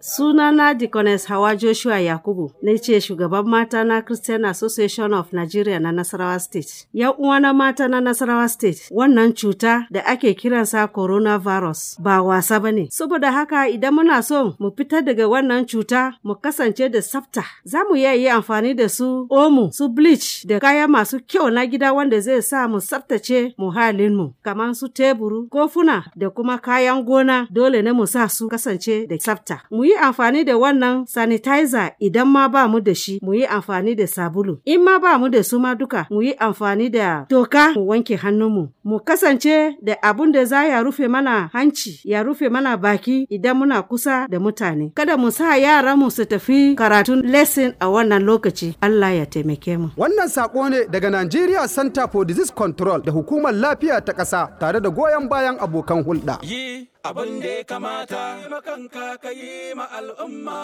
Sunana Deaconess Hawa Joshua Yakubu, na ce shugaban mata na Christian Association of Nigeria na Nasarawa State. Yan uwana mata na Nasarawa State, wannan cuta da ake kiransa coronavirus ba wasa ba ne. Saboda haka idan muna so mu fitar daga wannan cuta mu kasance da tsafta, za mu iya yi amfani da su omo, su bleach da kaya masu kyau na gida wanda zai sa mu tsaftace mu. kamar su teburu, kofuna da kuma kayan gona dole ne mu sa su kasance da tsafta. yi amfani da wannan sanitizer idan ma ba mu da shi mu yi amfani da sabulu in ma ba mu da su ma duka mu yi amfani da toka mu wanke hannunmu mu kasance da abun da za ya rufe mana hanci ya rufe mana baki idan muna kusa da mutane kada mu sa yaran mu su tafi karatun lesson a wannan lokaci Allah ya taimake mu wannan sako ne daga Nigeria Center for Disease Control da hukumar lafiya ta ƙasa tare da goyon bayan abokan hulɗa. abin da ya kamata makanka ka yi ma al'umma